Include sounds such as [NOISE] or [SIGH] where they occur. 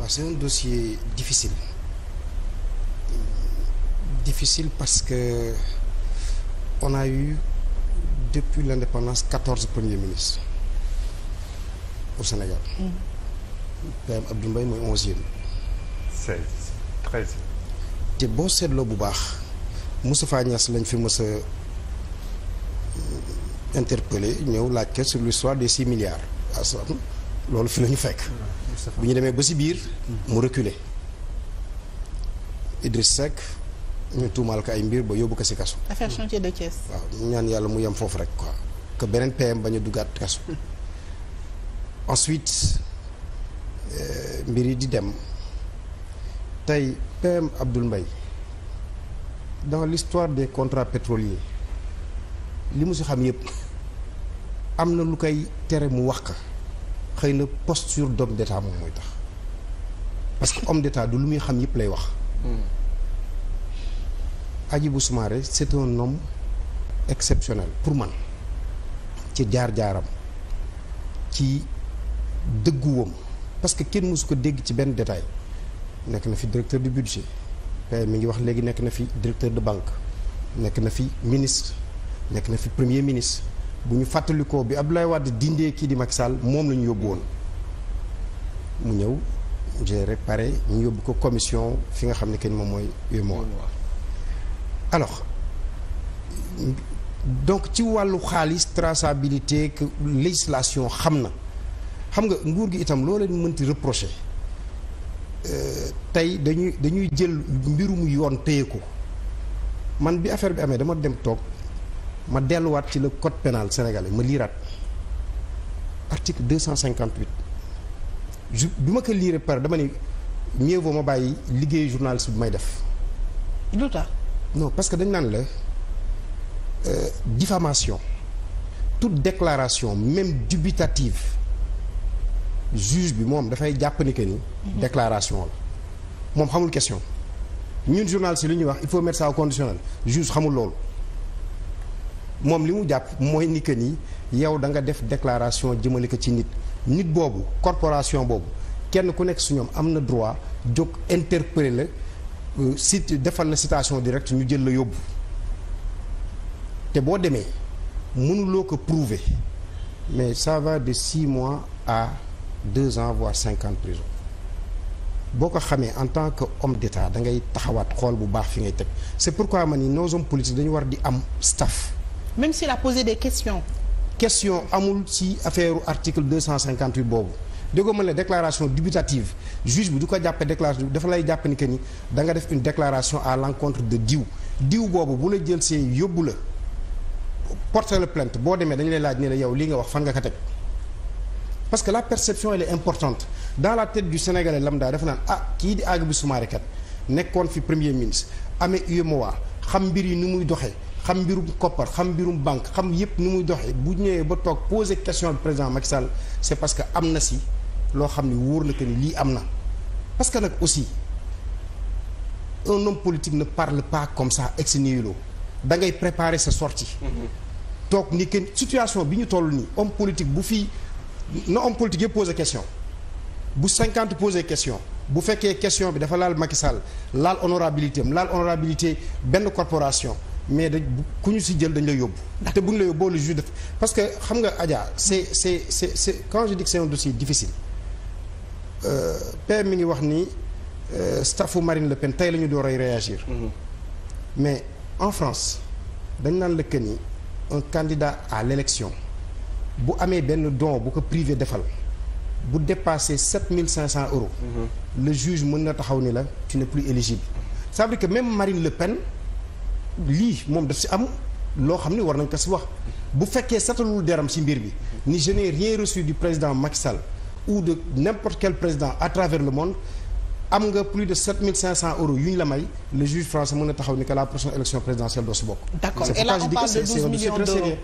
waaw c'est un dossier difficile parce que on a eu depuis l'indépendance quatorze premiers ministres au Sénégal. PM mm. Abdou Mbaye mooy onzième. seize te boo seetloo bu baax Moustapha Niass lañ fi mës a euh, ñëw laaj ko sur l'histoire des six milliards. loolu fi la ñu fekk. bu ñu demee ba si biir. mu recule Idriss Seck ñu tuumaal ko ay mbir ba yóbbu ko si kaso. affaire chantier de waaw ñaan yàlla mu yem foofu rek quoi. que beneen PM bañ a duggaat kaso. [LAUGHS] ensuite euh, mbir yi di dem tey PM Abdoul Mbaye dans l'histoire des contrats pétroliers li mu si xam yépp am na lu koy tere mu wax ka xëy na posture d'homme d'état moom mooy tax parce que homme d'état du lu muy xam yëpp lay wax. Hmm. Hadjibou Soumaré c'est un homme exceptionnel pour man ci jaar-jaaram ci dëgguwam parce que kenn mësu ko dégg ci benn détail nekk na fi directeur du budget tey mi ngi wax léegi nekk na fi directeur de banque nekk na fi ministre nekk na fi premier ministre bu ñu fàttalikoo bi Abdoulaye Wade dindee kii di mag Sall moom la ñu yóbbu woon mu ñëw j'ai réparé ñu yóbbu ko commission fi nga xam ne kenn moom mooy UEMOA alors donc ci wàllu xaalis traçabilité que législation xam na xam nga nguur gi itam loo leen mënti reproché euh, tey dañuy dañuy jël mbirum yoon téye ko man bi affaire bi amee dama dem toog ma delluwaat ci la code pénal sénégalais ma liiraat article deux cent cinquante huit je du ma ko liire par dama ni mieux ma bàyyi liggéey journaliste bu may def. lu tax. non parce que dañ naan la euh, diffamation tout déclaration même dubitative juge bi moom dafay jàpp ni que ni. déclaration la moom xamul question ñun journaliste li ñuy wax il faut mettre ça au conditionnel juge xamul loolu. moom li mu jàpp mooy ni que ni yow da nga def déclaration jëmale ko ci nit nit boobu corporation boobu kenn ku nekk su ñoom am na droit jóg interpeller la si euh, defal la citation direct ñu jël la yóbbu te boo demee mënuloo ko prouver mais ça de six mois à deux ans voire cinquante ans de prison boo ko xamee en tant que homme d'état da ngay taxawaat xool bu baax fi ngay teg c'est pourquoi ma ni nos hommes politiques dañu war di am staff même s'il a posé des questions. question amul ci affaire article 258 boobu déggoo ma ne déclaration dubitative juge bi du ko jàppee déclaration dafa lay jàpp ni que ni da nga def une déclaration à l'encontre de diw diw boobu bu la jël see yóbbu la porter la plante boo demee dañu lay laaj ne la yow lii nga wax fan nga ko teg parce que la perception elle est importante dans la tête du Sénégalais lambda dafa naan ah kii di Hadjibou Soumaré kat nekkoon fi premier ministre amee UEMOA xam mbir yi ni muy doxee xam mbirum koppar xam mbirum banque xam yëpp ni muy doxee bu ñëwee ba toog poser question bi président Macky Sall c'est parce que am na si loo xam ni wóor na que ni lii am na parce que nag aussi un homme politique ne parle pas comme ça ex nihilo da ngay préparer sa sortie mm-hmm. toog ni que situation bi ñu toll nii homme politique bu fii na homme politique yëpp poser question bu cinquante posé question bu fekkee question bi dafa laal Macky Sall laal honorabilité am laal honorabilité benn corporation mais da ku ñu si jël dañ la yóbbu te bu ñu la yóbboo le juge def parce que xam nga Adja c'est c'est c'est c'est quand je dis que c'est dossier difficile euh, PM mi ngi wax ni euh, staffu Marine Le Pen tey la ñu door ay réagir mm-hmm. mais en France dañ naan lëkkan ni un candidat à l'élection bu amee benn don bu ko privé defal bu dépassé sept mille cinq cent euros. Mhm. le juge mën na taxaw ni la ci n'es plus éligible. ça veut dire que même Marine Le Pen lii moom daf si am loo xam ne war nañ ko si wax bu fekkee satalul deram si mbir bi ni je n'ai rien reçu du président Macky ou de n'importe quel président à travers le monde am nga plus de 7500 yu ñu la may le juge français mën na taxaw ni que la élection présidentielle doo si bokk. d'accord et là on parle de 12 millions d'euros.